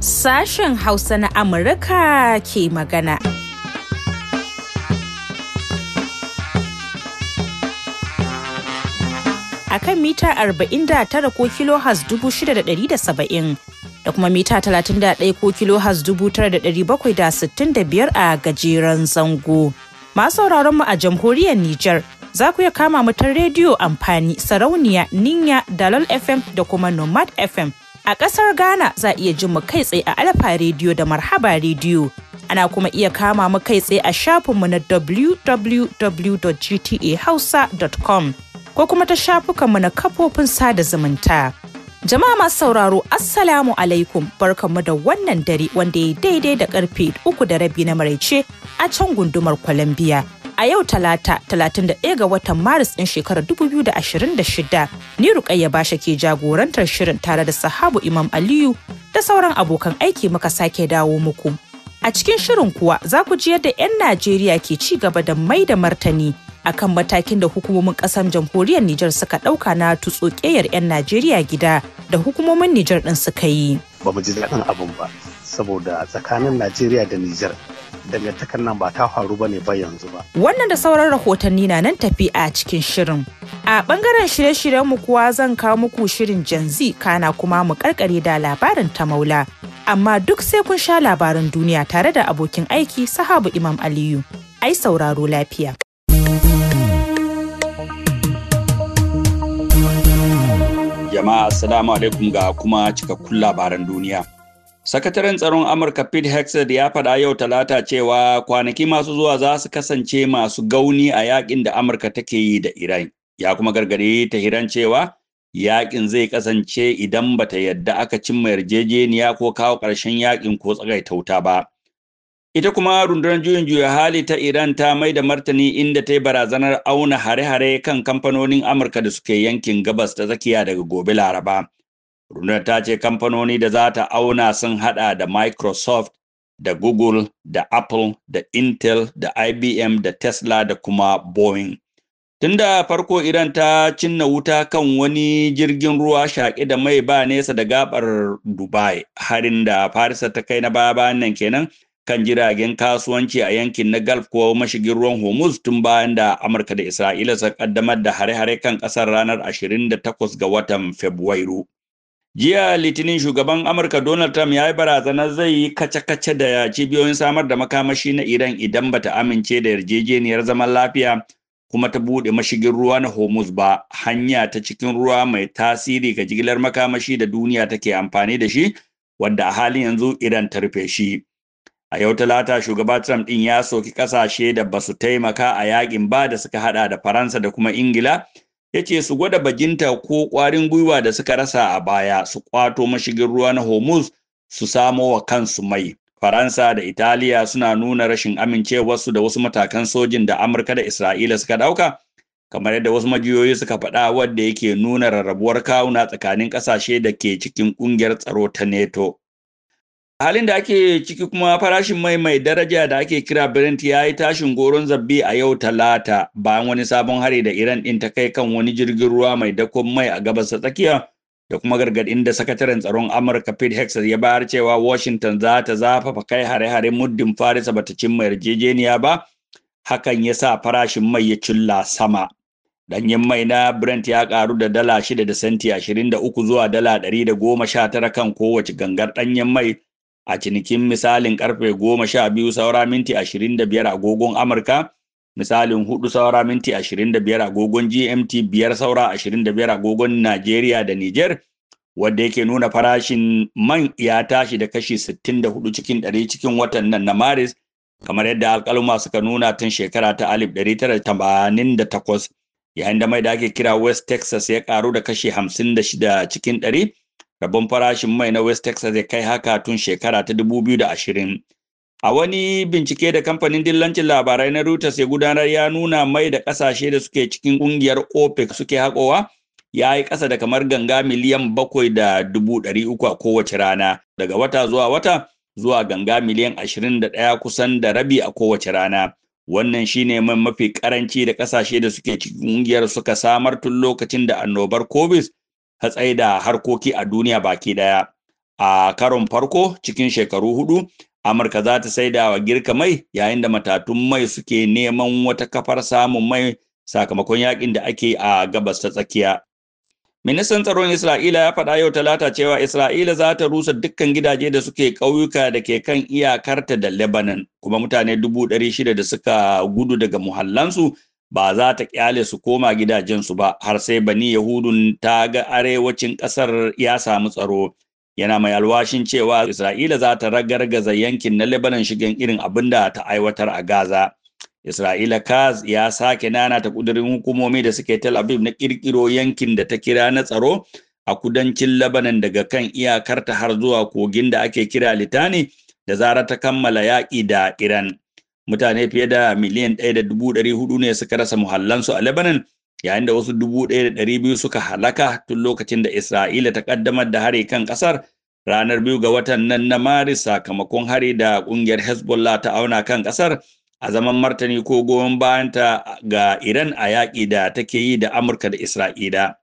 Sashen Hausa na Amurka ke magana. A kan mita 49 ko kilo has shida da kuma mita 31 ko kilo has 9,765 a gajeren zango. Masu sauraron mu a jamhuriyar Nijar za ku iya kama mu ta rediyo amfani sarauniya ninya Dalal fm da kuma nomad fm a ƙasar ghana za a iya jin mu kai tsaye a alfa rediyo da marhaba rediyo ana kuma iya kama mu kai tsaye a shafinmu na www.gtahausa.com ko kuma ta shafukanmu na kafofin sada zumunta. Jama'a masu sauraro Assalamu alaikum barkanmu da wannan dare wanda ya daidai da karfe uku da rabi na maraice a can gundumar kwalambiya. a yau talata 31 ga watan maris ɗin shekarar 2026 ni rukayya sha ke jagorantar shirin tare da sahabu imam aliyu da sauran abokan aiki muka sake dawo muku a cikin shirin kuwa za ku ji yadda 'yan najeriya ke ci gaba da mai da martani akan matakin da hukumomin ƙasar jamhuriyar nijar suka ɗauka na tutsokeyar 'yan najeriya gida da hukumomin nijar ɗin suka yi. ba mu ji daɗin abin ba saboda tsakanin najeriya da nijar dangantakar nan ba ta faru ba ne ba yanzu ba wannan da sauran rahotanni na nan tafi a cikin shirin a bangaren shirye-shiryen mu kuwa zan kawo muku shirin janzi kana kuma mu karkare da labarin ta maula amma duk sai kun sha labarin duniya tare da abokin aiki sahabu imam aliyu ai sauraro lafiya Jama'a Assalamu alaikum ga kuma cikakkun labaran duniya. Sakataren tsaron Amurka Pete Hexed ya faɗa yau talata cewa kwanaki masu zuwa za su kasance masu gauni a yakin da Amurka take yi da Iran. Ya kuma ta Hiran cewa yakin zai kasance idan bata yadda aka cimma yarjejeniya ko kawo ƙarshen yakin ko tsagaita wuta ba. Ita kuma rundunar juyin juya hali ta Iran ta mai da martani inda ta yi barazanar auna hare-hare kan kamfanonin Amurka da suke yankin gabas ta tsakiya daga gobe Laraba. Rundunar ta ce kamfanoni da za ta auna sun hada da Microsoft, da Google, da Apple, da Intel, da IBM, da Tesla, da kuma Boeing. Tun da farko Iran ta cinna wuta kan wani jirgin ruwa shaƙi da mai ba nesa da gabar Dubai, harin da Farisa ta kai na baya bayan nan kenan. kan jiragen kasuwanci a yankin na Gulf ko mashigin ruwan Hormuz tun bayan da Amurka da Isra'ila suka kaddamar da hare-hare kan kasar ranar 28 ga watan Fabrairu. Jiya Litinin shugaban Amurka Donald Trump ya yi barazanar zai yi kace-kace da cibiyoyin samar da makamashi na Iran idan bata amince da yarjejeniyar zaman lafiya kuma ta buɗe mashigin ruwa na Hormuz ba hanya ta cikin ruwa mai tasiri ga jigilar makamashi da duniya take amfani da shi wanda a halin yanzu Iran ta rufe shi. a yau talata shugaba trump ɗin ya soki ƙasashe da ba su taimaka a yaƙin ba da suka haɗa da faransa da kuma ingila ya ce su gwada bajinta ko ƙwarin gwiwa da suka rasa a baya su ƙwato mashigin ruwa na hormuz su samo wa kansu mai faransa da italiya suna nuna rashin amincewarsu da wasu matakan sojin da amurka da isra'ila suka ɗauka kamar yadda wasu majiyoyi suka faɗa wadda yake nuna rarrabuwar kawuna tsakanin ƙasashe da ke cikin ƙungiyar tsaro ta neto halin da ake ciki kuma farashin mai mai daraja da ake kira Brent ya yi tashin goron zabbi a yau talata bayan wani sabon hari da Iran din ta kai kan wani jirgin ruwa mai dakon mai a gabas ta tsakiya da kuma gargadin da sakataren tsaron Amurka Pete Hegseth ya bayar cewa Washington za ta zafafa kai hare-hare muddin Farisa bata cimma yarjejeniya ba hakan ya sa farashin mai ya cilla sama. Danyen mai na Brent ya karu da dala 6 da senti 23 zuwa dala 119 kan kowace gangar danyen mai a cinikin misalin karfe goma sha biyu saura minti ashirin da biyar agogon amurka misalin hudu saura minti ashirin da biyar agogon gmt biyar saura ashirin da biyar agogon najeriya da niger wadda yake nuna farashin man ya tashi da kashi sittin da hudu cikin ɗari cikin watan nan na maris kamar yadda alkaluma suka nuna tun shekara ta alif ɗari tara tamanin da takwas yayin da mai da ake kira west texas ya karu da kashi hamsin da shida cikin ɗari Rabon farashin mai na West Texas ya kai haka tun shekara ta 2020. A wani bincike da kamfanin dillancin labarai na Reuters ya gudanar ya nuna mai da ƙasashe da suke cikin ƙungiyar OPEC suke haƙowa ya yi ƙasa da kamar ganga miliyan bakwai da dubu ɗari uku a kowace rana daga wata zuwa wata zuwa ganga miliyan ashirin da ɗaya kusan da rabi a kowace rana. Wannan shine mai mafi ƙaranci da ƙasashe da suke cikin ƙungiyar suka samar tun lokacin da annobar COVID hatsai da harkoki a duniya baki daya a karon farko cikin shekaru hudu amurka za ta saida wa girka mai yayin da matatun mai suke neman wata kafar samun mai sakamakon yakin da ake a gabas ta tsakiya ministan tsaron isra'ila ya faɗa yau talata cewa isra'ila za ta rusa dukkan gidaje da suke ƙauyuka da ke kan iyakarta da lebanon kuma mutane dubu ɗari shida da suka gudu daga muhallansu ba za ta kyale su koma gidajensu ba har sai bani yahudun ta ga arewacin ƙasar ya samu tsaro yana mai alwashin cewa isra'ila za ta ragargaza yankin na lebanon shigen irin abin da ta aiwatar a gaza isra'ila kaz ya sake nana ta kudurin hukumomi da suke tel aviv na kirkiro yankin da ta kira na tsaro a kudancin lebanon daga kan iyakarta har zuwa kogin da ake kira litani da zara ta kammala yaƙi da iran mutane fiye da miliyan ɗaya da dubu ɗari hudu ne suka rasa muhallansu a Lebanon yayin da wasu dubu ɗaya da ɗari biyu suka halaka tun lokacin da Isra'ila ta ƙaddamar da hari kan ƙasar ranar biyu ga watan nan na Maris sakamakon hari da ƙungiyar Hezbollah ta auna kan ƙasar a zaman martani ko goyon bayanta ga Iran a yaƙi da take yi da Amurka da Isra'ila.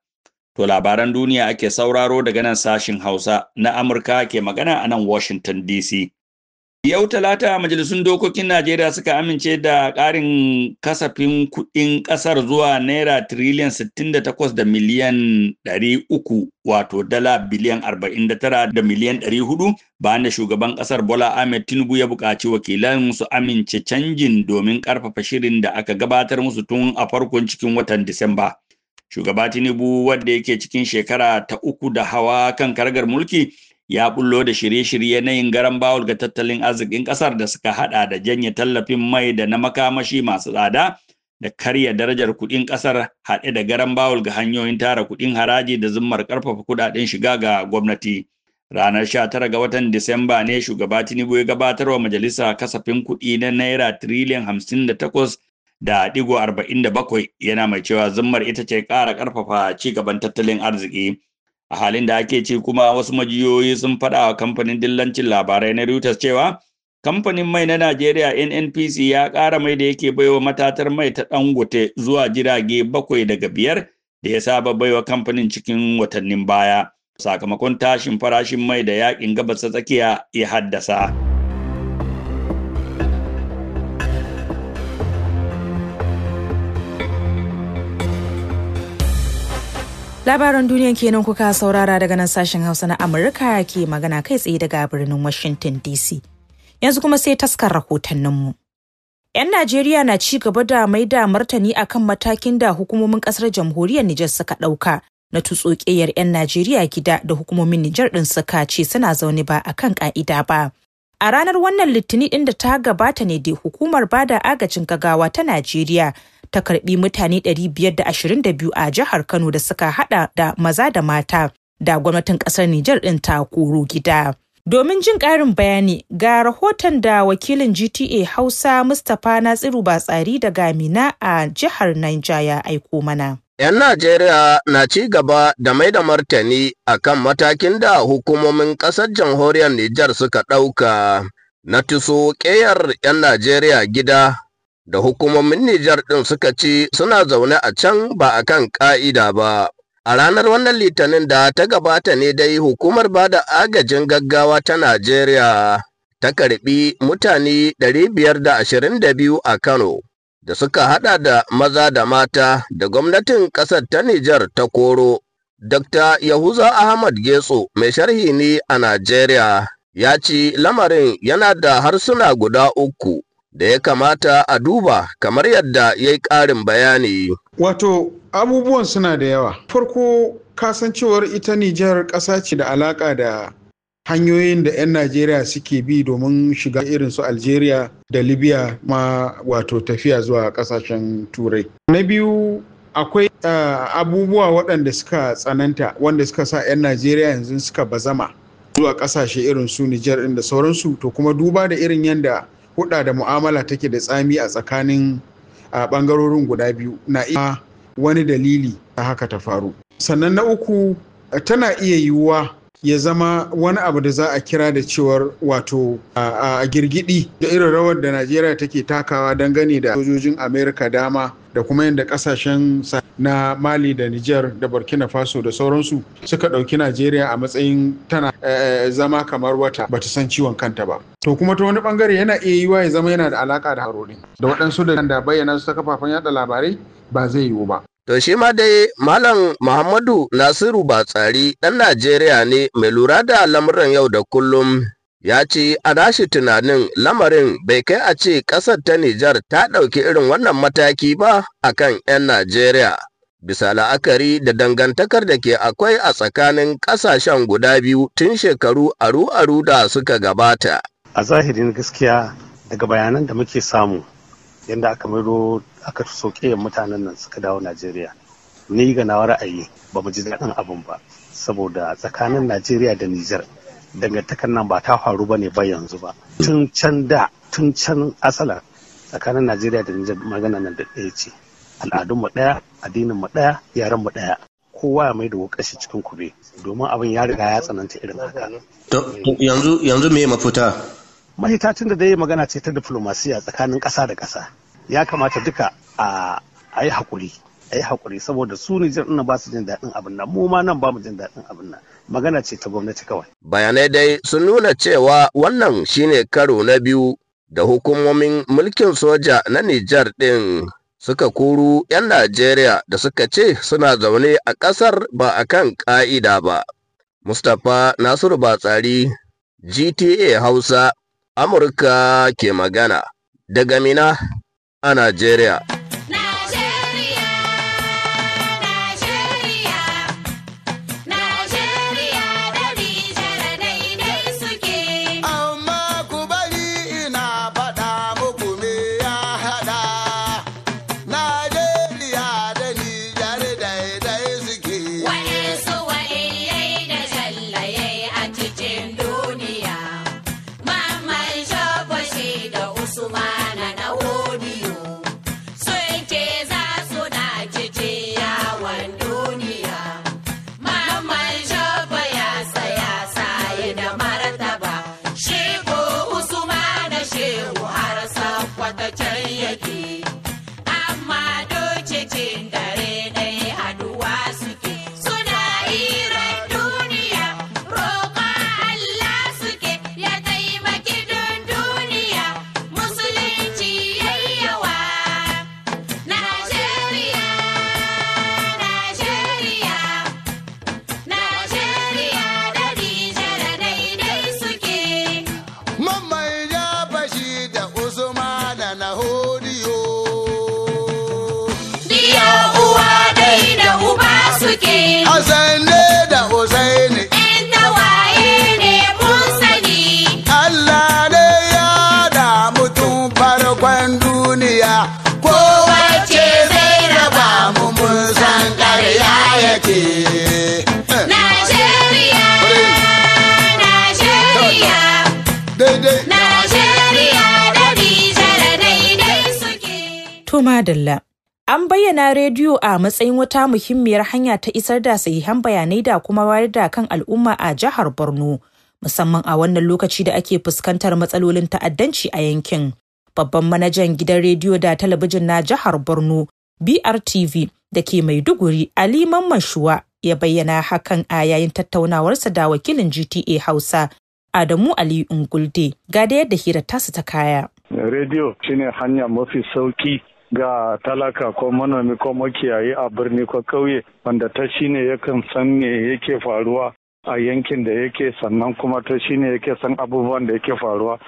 To labaran duniya ake sauraro daga nan sashin Hausa na Amurka ke magana a nan Washington DC. Yau talata majalisun dokokin Najeriya suka amince da ƙarin kasafin kuɗin ƙasar zuwa naira tiriliyan 68 da miliyan 300 wato dala biliyan 49 da miliyan 400 bayan da shugaban ƙasar Bola Ahmed Tinubu ya buƙaci wakilan su amince canjin domin ƙarfafa shirin da aka gabatar musu tun a farkon cikin watan Disamba. Shugaba Tinubu wanda yake cikin shekara ta uku da hawa kan kargar mulki ya bullo da shirye-shirye na yin garan bawul ga tattalin arzikin kasar da suka hada da janye tallafin mai da na makamashi masu tsada da karya darajar kuɗin ƙasar haɗe da garan bawul ga hanyoyin tara kuɗin haraji da zummar karfafa kuɗaɗen shiga ga gwamnati. Ranar 19 ga watan Disamba ne shugaba Tinubu ya gabatar wa majalisa kasafin kuɗi na Naira tiriliyan 58 da da 47 yana mai cewa zummar ita ce ƙara ƙarfafa ci gaban tattalin arziki. a halin da ake ce kuma wasu majiyoyi sun faɗa wa kamfanin dillancin labarai na Reuters cewa kamfanin mai na Najeriya NNPC ya ƙara mai da yake baiwa matatar mai ta Dangote zuwa jirage bakwai daga biyar da ya saba baiwa kamfanin cikin watannin baya sakamakon tashin farashin mai da yakin gabas ta tsakiya ya haddasa. Labaran duniyan kenan kuka saurara daga nan sashen Hausa na Amurka ke magana kai tsaye daga birnin Washington DC. Yanzu kuma sai taskar rahotanninmu. 'Yan Najeriya na ci gaba da mai da martani akan matakin da hukumomin kasar jamhuriyar Nijar suka ɗauka na tutsokiyar 'yan Najeriya gida da hukumomin Nijar din suka ce suna zaune ba akan ƙa'ida ba. A ranar wannan litini ɗin da ta gabata ne dai hukumar bada agajin gagawa ta Najeriya ta karbi mutane 522 a jihar Kano da suka hada da maza da mata da gwamnatin kasar Nijar ɗin ta koro gida. Domin jin ƙarin bayani ga rahoton da wakilin GTA Hausa Mustapha Natsiru Batsari daga Mina a jihar Niger ya aiko mana. ‘Yan Najeriya na ci gaba da mai da martani a kan matakin da hukumomin ƙasar jamhuriyar Nijar suka ɗauka na tuso ƙeyar ‘yan Najeriya gida da hukumomin Nijar ɗin suka ci suna zaune a can ba a kan ƙa'ida ba. A ranar wannan litinin da ta gabata ne dai hukumar ba da agajin gaggawa ta Najeriya ta karɓi mutane 522 a Kano. da suka haɗa da maza da mata da gwamnatin ƙasar ta Nijar ta koro. Dr. Yahuza Ahmad Getso mai sharhi ne a Najeriya ya ce lamarin yana da harsuna guda uku da ya kamata a duba kamar yadda ya yi ƙarin bayani. Wato abubuwan suna da yawa. Farko kasancewar ita Nijar ƙasa ce da alaƙa da hanyoyin da 'yan najeriya suke bi domin shiga irin su algeria da libya ma wato tafiya zuwa kasashen turai na biyu akwai uh, abubuwa waɗanda suka tsananta wanda suka sa 'yan najeriya yanzu suka bazama zuwa kasashe irin su nijar da sauransu to kuma duba da irin yadda huɗa da mu'amala take da tsami a tsakanin a uh, ɓangarorin guda biyu na iya wani dalili a haka ta faru sannan na uku tana iya yiwuwa ya zama wani abu da za a kira da cewar wato a girgidi da irin rawar da najeriya take takawa dangane da sojojin amerika dama da kuma yadda kasashen na mali da niger da burkina faso da sauransu suka ɗauki najeriya a matsayin tana eh, eh, zama kamar wata Ba ta san ciwon kanta ba to kuma ta wani bangare yana iya yiwa ya zama yana da alaka da harorin da waɗansu da bayyana su ta kafafen yada labarai ba zai yiwu ba To shi ma dai Malam Muhammadu Nasiru Batsari ɗan Najeriya ne mai lura da lamuran yau da kullum ya ce a nashi tunanin lamarin bai kai a ce ƙasar ta Nijar ta ɗauki irin wannan mataki ba a kan 'yan Najeriya. Bisa la'akari da dangantakar da ke akwai a tsakanin ƙasashen guda biyu tun shekaru aru-aru da suka gabata. A zahirin gaskiya daga bayanan da muke samu yadda aka maido aka soke mutanen nan suka dawo najeriya ni ga nawa ra'ayi ba mu ji daɗin abin ba saboda tsakanin najeriya da nijar dangantakar nan ba ta faru ba ne ba yanzu ba tun can da tun can asala tsakanin najeriya da nijar magana nan da ɗaya ce al'adunmu ɗaya addininmu ɗaya yarenmu ɗaya kowa ya mai da shi cikin kube domin abin ya riga ya tsananta irin haka yanzu yanzu me mafita mahita tun da dai magana ce ta diplomasiya tsakanin ƙasa da ƙasa ya kamata duka a yi hakuri a yi hakuri saboda su jin ina ba su jin daɗin abin nan mu ma nan ba mu jin daɗin abin nan magana ce ta gwamnati kawai. Bayanai dai sun nuna cewa wannan shine karo na biyu da hukumomin mulkin soja na Nijar ɗin suka kuru 'yan Najeriya da suka ce suna zaune a ƙasar ba a kan ƙa'ida ba. Mustapha Nasiru Batsari, GTA Hausa, Amurka ke magana, daga Mina a Najeriya. zai raba mu madalla An bayyana rediyo a matsayin wata muhimmiyar hanya ta isar da sahihan bayanai da kuma wayar da kan al'umma a jihar Borno, musamman a wannan lokaci da ake fuskantar matsalolin ta'addanci a yankin. babban manajan gidan rediyo da talabijin na jihar borno brtv da ke maiduguri ali mamman shuwa ya bayyana hakan a yayin tattaunawarsa da wakilin gta hausa adamu ali ungulde ga da yadda hira tasu ta kaya rediyo shine hanya mafi sauki ga talaka ko manomi ko makiyayi a birni ko kauye wanda ta shine yakan san me yake faruwa a yankin da yake sannan kuma ta shine yake san abubuwan da yake faruwa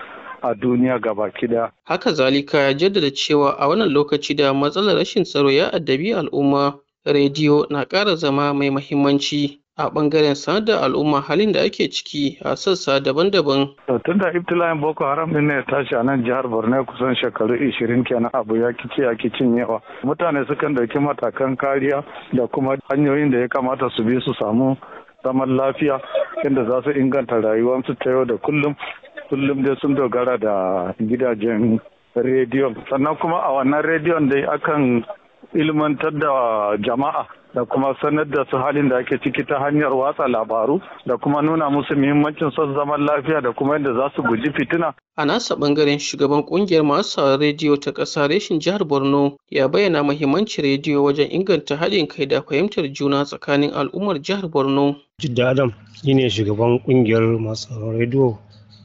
a duniya gabaki daya. Haka zalika ya jaddada cewa a wannan lokaci da matsalar rashin tsaro ya addabi al'umma rediyo na ƙara zama mai mahimmanci a ɓangaren sanar da al'umma halin da ake ciki a sassa daban-daban. tun da ibtila'in boko haram din ne ya tashi a nan jihar borno kusan shekaru 20 kenan abu ya kici ya kicin yawa mutane sukan ɗauki matakan kariya da kuma hanyoyin da ya kamata su bi su samu zaman lafiya inda za su inganta rayuwarsu ta yau da kullum kullum dai sun dogara da gidajen rediyo sannan kuma a wannan rediyon dai akan ilmantar da jama'a da kuma sanar da su halin da ake ciki ta hanyar watsa labaru da kuma nuna musu muhimmancin son zaman lafiya da kuma yadda za su guji fitina. A nasa bangaren shugaban kungiyar masu rediyo ta ƙasa reshin jihar Borno ya bayyana muhimmancin rediyo wajen inganta haɗin kai da fahimtar juna tsakanin al'ummar jihar Borno. Jidda Adam shine shugaban kungiyar masu rediyo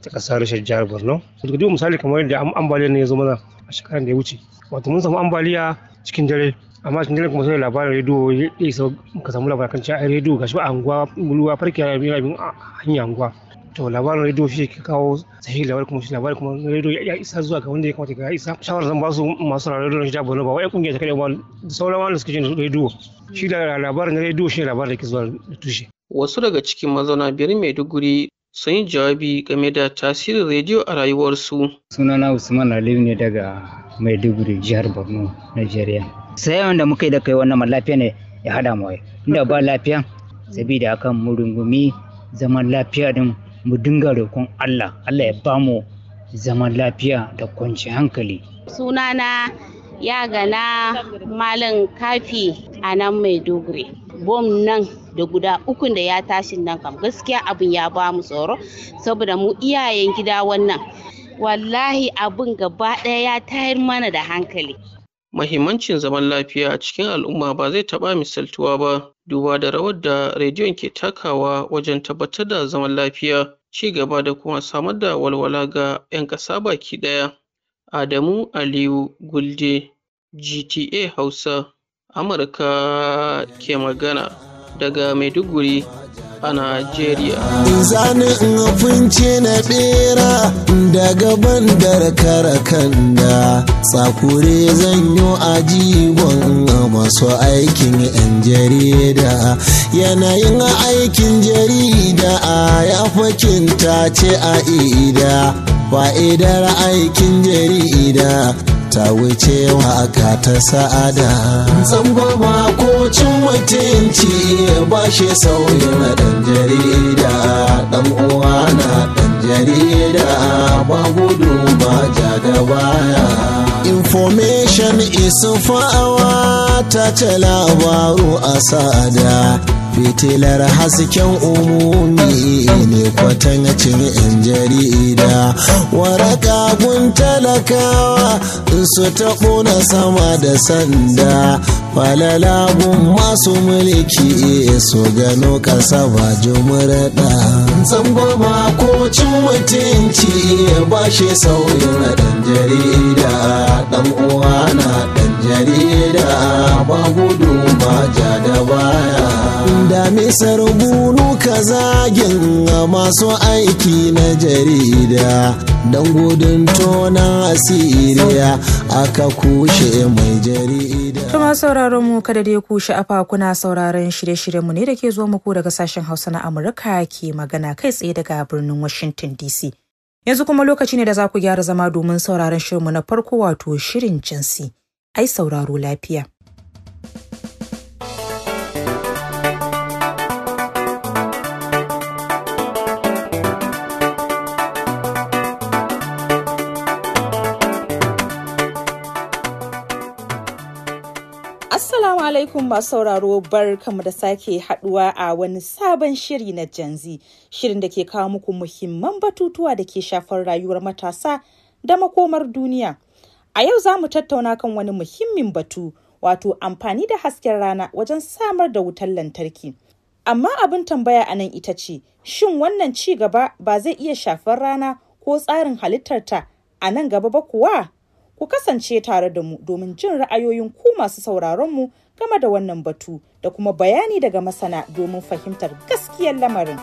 ta kasar rashin jihar borno su duk misali kamar yadda ambaliyar ne ya zo mana a shekarar da ya wuce wato mun samu ambaliya cikin dare amma cikin dare kuma sai labarin rediyo ya isa ka samu labarin kan cewa rediyo gashi ba anguwa ruwa farki ya rabi rabin hanya anguwa to labarin rediyo shi ke kawo sahi labarin kuma shi labarin kuma rediyo ya isa zuwa ga wanda ya kamata ya isa shawarar zan ba su masu rarar rediyo borno ba wai kungiyar ta kai ba sauran wanda suke jin rediyo shi da labarin rediyo shi labarin da ke zuwa da tushe wasu daga cikin mazauna birnin maiduguri sun yi jawabi game da tasirin rediyo a rayuwarsu. Sunana Usman Aliyu ne daga Maiduguri, jihar Borno, Najeriya. Sai wanda muka yi da kai wannan lafiya ne ya hada mu Inda ba lafiya, sabida akan mu zaman lafiya din mu dinga roƙon Allah. Allah ya bamu zaman lafiya da kwanciyar hankali. Sunana ya gana malam kafi a nan maiduguri bom nan da guda ukun da ya tashi nan kam gaskiya abin ya ba mu tsoro saboda mu iyayen gida wannan wallahi abin gaba ɗaya ya tayar mana da hankali mahimmancin zaman lafiya a cikin al'umma ba zai taɓa misaltuwa ba duba da rawar da rediyon ke takawa wajen tabbatar da zaman lafiya ci gaba da kuma samar da walwala ga 'yan ƙasa baki ɗaya Adamu Aliyu Gulde GTA Hausa, Amurka ke magana daga Maiduguri. a Najeriya. Zani in na ɓera daga bandar karakanda tsakure zanyo a masu aikin 'yan jarida yanayin aikin jarida a ya ta ce a ida fa'idar aikin jarida ta wuce ka ta sa'ada tsamba ma ko cin mutunci ba shi na dan jarida dan uwa na dan jarida ba gudu ba ja da baya information is ta ce labaru a Sa'ada. fitilar hasken umumi ne kwatancin yan jarida waraka kun talakawa su ta na sama da sanda falalagun masu mulki su gano ƙasa ba jumurɗa zamba ba ko cin mutunci ba shi sauyin ɗan jarida ɗan uwa na ɗan jarida ba gudu ba ja da baya da misar bunu ka zagin masu aiki na jarida don gudun tona asiriya aka kushe mai jarida kuma sauraron mu kada dai ku sha'afa kuna sauraron shirye shiryen mu ne da ke zuwa muku daga sashen hausa na amurka ke magana kai tsaye daga birnin washington dc yanzu kuma lokaci ne da za ku gyara zama domin sauraron shirinmu na farko wato shirin jinsi ai sauraro lafiya alaikum masu sauraro bar kama da sake haduwa a wani sabon shiri na janzi shirin da ke kawo muku muhimman batutuwa da ke shafar rayuwar matasa da makomar duniya. A yau za mu tattauna kan wani muhimmin batu wato amfani da hasken rana wajen samar da wutar lantarki. Amma abin tambaya a nan ita ce, shin wannan ci gaba ba zai iya shafar rana ko tsarin halittarta a nan gaba ba kuwa? ku kasance tare da mu domin jin ra'ayoyin ku masu sauraronmu game da wannan batu da kuma bayani daga masana domin fahimtar gaskiyar lamarin.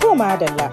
To madalla,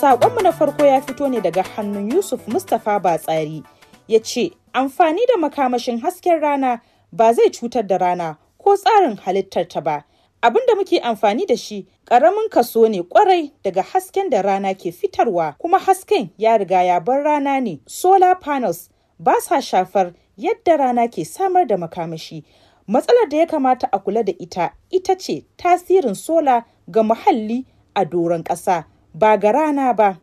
saƙonmu na farko ya fito ne daga hannun Yusuf Mustapha Batsari ya ce, amfani da makamashin hasken rana ba zai cutar da rana ko tsarin halittarta ba. Abin da muke amfani da shi ƙaramin kaso ne kwarai daga hasken da rana ke fitarwa kuma hasken ya riga ya bar rana ne. Solar panels ba sa shafar yadda rana ke samar da makamashi. Matsalar da ya kamata a kula da ita ita ce tasirin sola ga muhalli a doron ƙasa ba ga rana ba.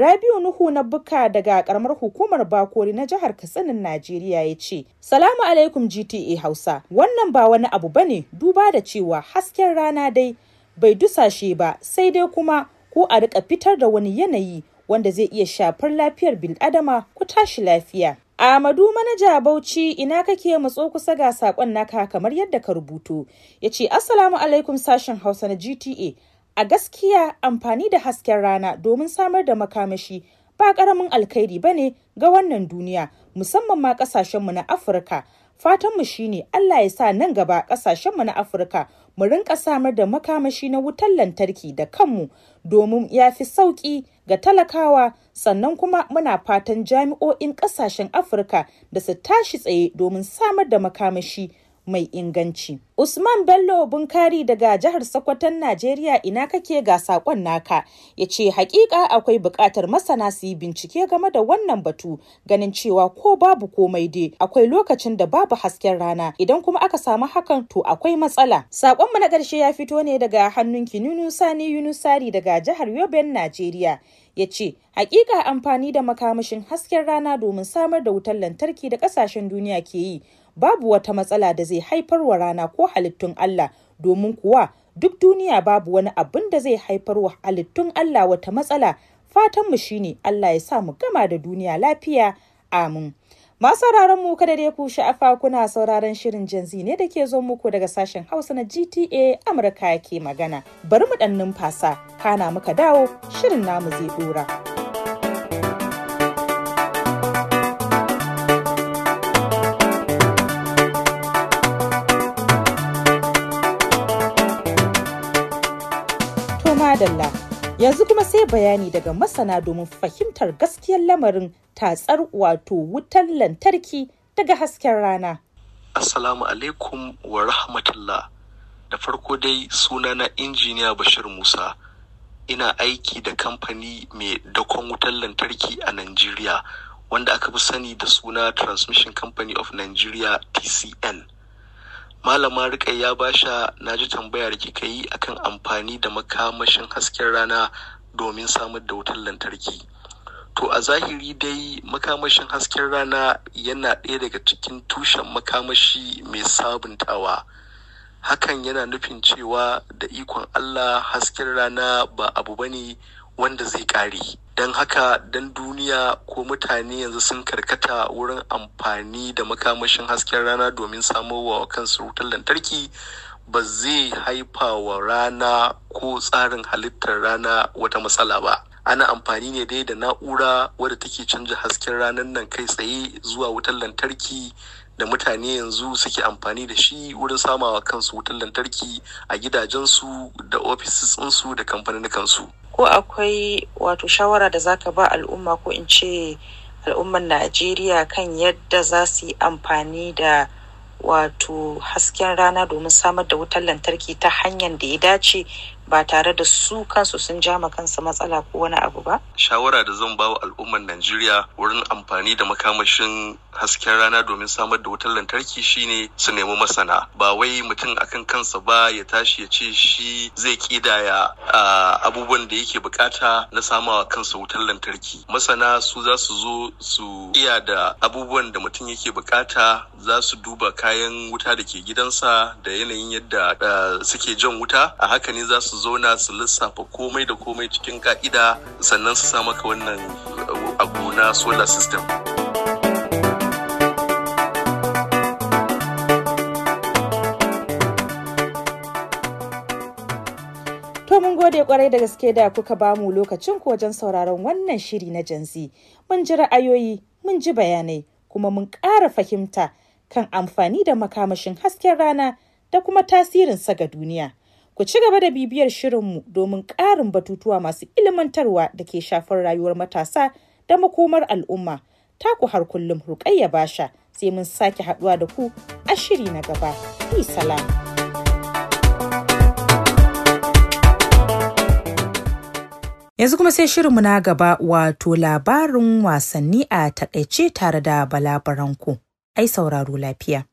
Rabiu Nuhu na Buka daga karamar hukumar Bakori na jihar Katsinin Najeriya ya ce, Salamu alaikum GTA Hausa, wannan ba wani abu ba ne, duba da cewa hasken rana dai bai dusashe ba sai dai kuma ko a rika fitar da wani yanayi wanda zai iya shafar lafiyar bil'adama ku tashi lafiya. Amadu manaja Bauchi ina kake matso kusa ga sakon naka kamar yadda ka rubuto. Ya ce Assalamu alaikum sashen Hausa na GTA. A gaskiya amfani da hasken rana domin samar da makamashi ba ƙaramin alkhairi ba ne ga wannan duniya musamman ma ƙasashenmu na Afirka. Fatanmu shine Allah ya sa nan gaba ƙasashenmu na Afirka mu rinƙa samar da makamashi na wutar lantarki da kanmu domin ya fi sauƙi ga talakawa sannan kuma muna fatan jami'o'in ƙasashen Afirka da su tashi tsaye domin samar da makamashi mai inganci. Usman Bello Bunkari daga jihar Sokoton Najeriya ina kake ga sakon naka ya ce hakika akwai buƙatar masana su yi bincike game da wannan batu ganin cewa ko babu komai dai akwai lokacin da babu hasken rana idan kuma aka samu hakan to akwai matsala. Sakon mu na ƙarshe ya fito ne daga hannun Kinunu Sani Yunusari daga jihar Yoben Najeriya. ya ce hakika amfani da makamashin hasken rana domin samar da wutar lantarki da ƙasashen duniya ke yi babu wata matsala da zai haifar wa rana ko halittun Allah domin kuwa duk duniya babu wani abin da zai haifar wa halittun Allah wata matsala fatanmu shine Allah ya sa mu gama da duniya lafiya amin masu mu kada dai ku sha'afa kuna sauraron shirin janzi ne da ke zo muku daga sashen hausa na gta amurka ke magana bari mu dan numfasa kana muka dawo shirin namu zai dora. madalla yanzu kuma sai bayani daga masana domin fahimtar gaskiyar lamarin tatsar wato wutar lantarki daga hasken rana. Assalamu alaikum wa rahmatullah da farko dai sunana injiniya Bashir Musa ina aiki da kamfani mai dakon wutar lantarki a Najeriya wanda aka fi sani da suna Transmission Company of Nigeria TCN. malama ba Basha na ji tambayar kika yi akan amfani da makamashin hasken rana domin samar da wutar lantarki. To a zahiri dai makamashin hasken rana yana ɗaya daga cikin tushen makamashi mai sabuntawa. Hakan yana nufin cewa da ikon Allah hasken rana ba abu bane wanda zai ƙare don haka don duniya ko mutane yanzu sun karkata wurin amfani da makamashin hasken rana domin samowa wa kansu wutar lantarki ba zai haifa wa rana ko tsarin halittar rana wata matsala ba ana amfani ne dai da na'ura wadda take canja hasken ranar nan kai tsaye zuwa wutar lantarki da mutane yanzu suke amfani da shi wurin samawa kansu wutar lantarki a gidajensu da ofisinsu da kamfanin kansu ko akwai wato shawara da zaka ba al'umma ko in ce al'ummar najeriya kan yadda za su yi amfani da wato hasken rana domin samar da wutar lantarki ta hanyar da ya dace ba tare da su kansu sun ja kansa matsala ko wani abu ba? Shawara da zan bawa al'ummar Najeriya wurin amfani da makamashin hasken rana domin samar da wutar lantarki shine su nemi masana ba wai mutum akan kansa ba ya tashi ya ce shi zai kidaya abubuwan da yake bukata na samawa kansa wutar lantarki masana su za su zo su iya da abubuwan da mutum yake bukata za su duba kayan wuta da ke gidansa da yanayin yadda eh, suke jan wuta a haka ne za su zauna su lissafa komai da komai cikin ka'ida sannan su sa maka wannan eh, abu na solar system. To mun gode kwarai da gaske da kuka bamu lokacin ku wajen sauraron wannan shiri na janzi. Mun ji ra'ayoyi, mun ji bayanai, kuma mun ƙara fahimta kan amfani da makamashin hasken rana da kuma tasirinsa ga duniya. Ku ci gaba da bibiyar shirinmu domin ƙarin batutuwa masu ilmantarwa da ke shafar rayuwar matasa da makomar al'umma. Taku har kullum Rukayya Basha sai mun sake haɗuwa da ku a shiri na gaba. Bi salam. Yanzu kuma sai shirinmu na gaba wato labarin wasanni a taƙaice tare da balabaranku. ai sauraro lafiya.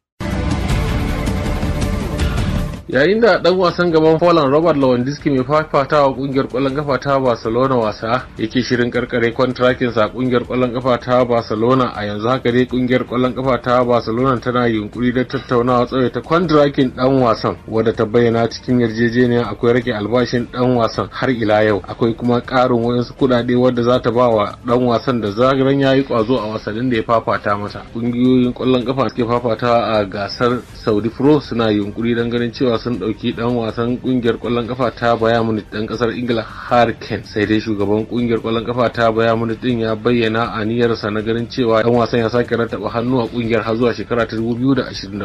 yayin da dan wasan gaban Poland Robert Lewandowski mai fafatawa kungiyar kwallon kafa ta Barcelona wasa yake shirin karkare kontrakin sa kungiyar kwallon kafa ta Barcelona a yanzu haka dai kungiyar kwallon kafa ta Barcelona tana yunkuri da tattaunawa tsaye ta kontrakin dan wasan wadda ta bayyana cikin yarjejeniya akwai rage albashin dan wasan har ila yau akwai kuma karin wayansu kudade wanda za ta ba wa dan wasan da zagaran yayi kwazo a wasannin da ya fafata mata kungiyoyin kwallon kafa suke fafata a gasar Saudi Pro suna yunkuri dan ganin cewa sun ɗauki ɗan wasan kungiyar kwallon kafa ta baya Munich dan kasar Ingila harken sai dai shugaban kungiyar kwallon kafa ta baya Munich din ya bayyana aniyarsa na ganin cewa dan wasan ya sake rattaba hannu a kungiyar har zuwa shekara ta 2027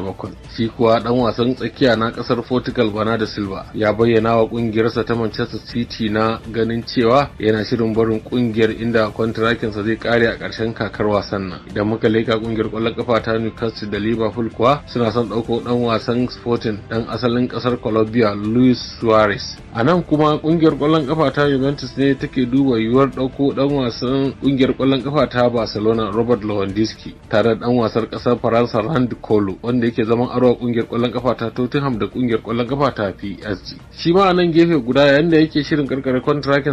shi kuwa dan wasan tsakiya na kasar Portugal bana da Silva ya bayyana wa kungiyarsa ta Manchester City na ganin cewa yana shirin barin kungiyar inda kwantarakinsa zai kare a ƙarshen kakar wasan nan idan muka leka kungiyar kwallon kafa ta Newcastle da Liverpool kuwa suna son dauko dan wasan Sporting dan asalin kasar Colombia Luis Suarez. A nan kuma kungiyar kwallon kafata ta Juventus ne take duba yiwuwar dauko dan wasan kungiyar kwallon kafa ta Barcelona Robert Lewandowski tare da dan wasan kasar Faransa Rand Kolo wanda yake zaman aro kungiyar kwallon kafa ta Tottenham da kungiyar kwallon kafata ta PSG. Shi ma a nan gefe guda yayin da yake shirin karkare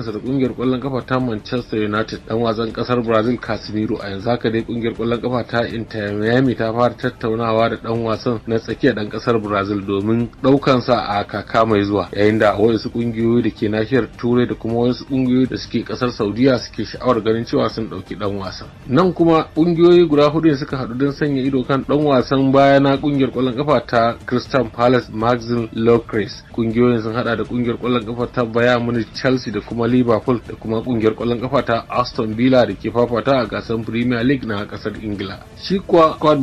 sa da kungiyar kwallon kafata ta Manchester United dan wasan kasar Brazil Casemiro a yanzu haka dai kungiyar kwallon kafa ta Inter Miami ta fara tattaunawa da dan wasan na tsakiya dan kasar Brazil domin dauka sa a kaka mai zuwa yayin da wasu kungiyoyi da ke nahiyar turai da kuma wasu kungiyoyi da suke kasar saudiya suke sha'awar ganin cewa sun dauki dan wasan nan kuma kungiyoyi guda hudu suka hadu don sanya ido kan dan wasan baya na kungiyar kwallon kafa ta Crystal Palace Maxim Locris kungiyoyin sun hada da kungiyar kwallon kafa ta baya Munich Chelsea da kuma Liverpool da kuma kungiyar kwallon kafa ta Aston Villa da ke fafata a gasar Premier League na kasar Ingila shi kuwa Quad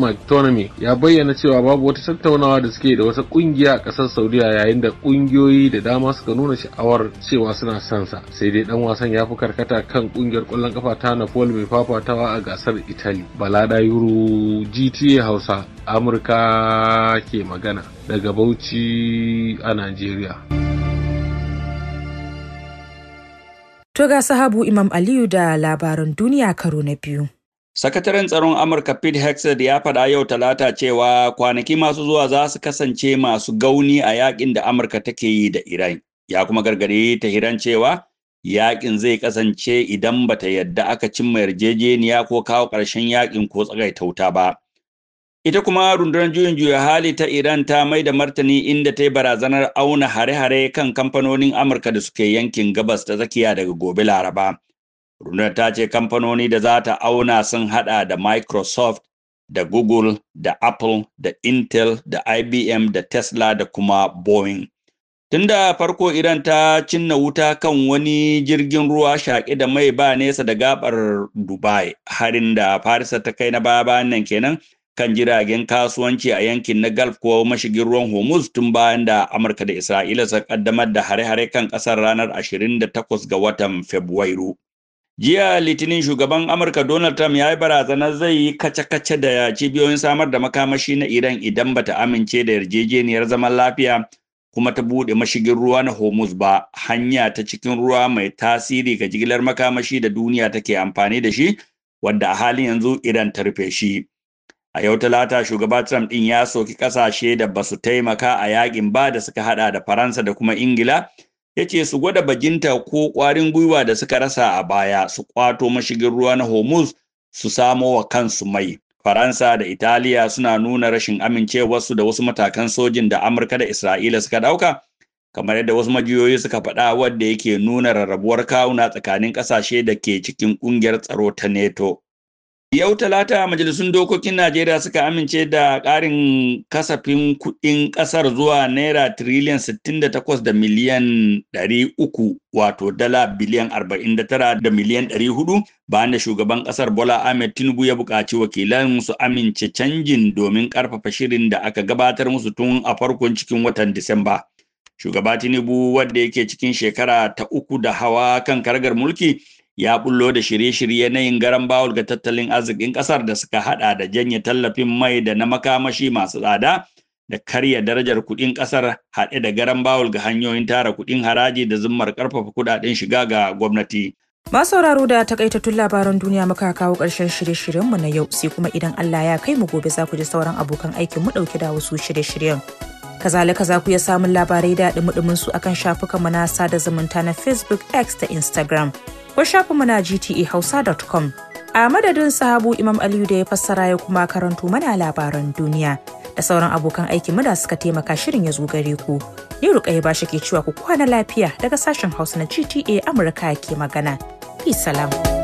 ya bayyana cewa babu wata tattaunawa da suke da wata kungiya a kasar kasar saudiya yayin da kungiyoyi da dama suka nuna sha'awar cewa suna son sa sai dai dan wasan ya fi karkata kan kungiyar kwallon kafa ta napol mai fafatawa a gasar italy balada yuro gta hausa amurka ke magana daga bauchi a najeriya To ga sahabu Imam Aliyu da labaran duniya karo na biyu. Sakataren tsaron Amurka Pete Hexed ya faɗa yau talata cewa kwanaki masu zuwa za su kasance masu gauni a yakin da Amurka take yi da Iran. Ya kuma ta Hiran cewa yakin zai kasance idan bata yadda aka cimma yarjejeniya ko kawo ƙarshen yakin ko tsagaita wuta ba. Ita kuma rundunar juyin juya hali ta Iran ta mai da martani inda ta yi barazanar auna hare-hare kan kamfanonin Amurka da suke yankin gabas ta tsakiya daga gobe Laraba. rundunar ta ce kamfanoni da za ta auna sun hada da microsoft da google da apple da intel da ibm da tesla da kuma boeing tun da farko iran ta cinna wuta kan wani jirgin ruwa shaƙi da mai ba nesa da gabar dubai harin da farisa ta kai na baya nan kenan kan jiragen kasuwanci a yankin na Gulf ko mashigin ruwan Hormuz tun bayan da Amurka da Isra'ila suka kaddamar da hare-hare kan ƙasar ranar 28 ga watan Fabrairu. jiya litinin shugaban amurka donald trump ya yi barazanar zai yi kace-kace da cibiyoyin samar da makamashi na iran idan bata amince da yarjejeniyar zaman lafiya kuma ta buɗe mashigin ruwa na hormuz ba hanya ta cikin ruwa mai tasiri ga jigilar makamashi da duniya take amfani da shi wanda a halin yanzu iran ta rufe shi a yau talata shugaba trump ɗin ya soki ƙasashe da basu taimaka a yaƙin ba da suka haɗa da faransa da kuma ingila ya ce su gwada baginta ko ƙwarin gwiwa da suka rasa a baya su ƙwato mashigin ruwa na hormuz su samo wa kansu mai faransa da italiya suna nuna rashin amincewarsu da wasu matakan sojin da amurka da isra'ila suka ɗauka kamar yadda wasu majiyoyi suka faɗa wadda yake nuna rarrabuwar kawuna tsakanin ƙasashe da ke cikin ƙungiyar tsaro ta neto Yau talata majalisun dokokin Najeriya suka amince da ƙarin kasafin kuɗin ƙasar zuwa naira tiriliyan 68 da miliyan 300 wato dala biliyan 49 da miliyan 400 bayan da shugaban ƙasar Bola Ahmed Tinubu ya buƙaci wakilan su amince canjin domin ƙarfafa shirin da aka gabatar musu tun a farkon cikin watan Disamba. Shugaba Tinubu wanda yake cikin shekara ta uku da hawa kan kargar mulki ya bullo da shirye-shirye na yin garan bawul ga tattalin arzikin kasar da suka hada da janye tallafin mai da na makamashi masu tsada da karya darajar kuɗin kasar haɗe da garan bawul ga hanyoyin tara kuɗin haraji da zummar karfafa kudaden shiga ga gwamnati. sauraro da takaitattun labaran duniya muka kawo ƙarshen shirye-shiryenmu na yau sai kuma idan Allah ya kai mu gobe za ku ji sauran abokan aikin mu ɗauke da wasu shirye-shiryen. Kazalika za ku iya samun labarai da ɗumi su akan shafukanmu na sada zumunta na Facebook, X da Instagram. ko shafinmu mana gtahausa.com. A madadin sahabu Imam Aliyu da ya fassara ya kuma karanto mana labaran duniya da sauran abokan aikin da suka taimaka shirin ya zo gare ku. Ni ruƙaye ba shi ke cewa ku kwana lafiya daga sashen Hausa na GTA Amurka ke magana. Peace salam.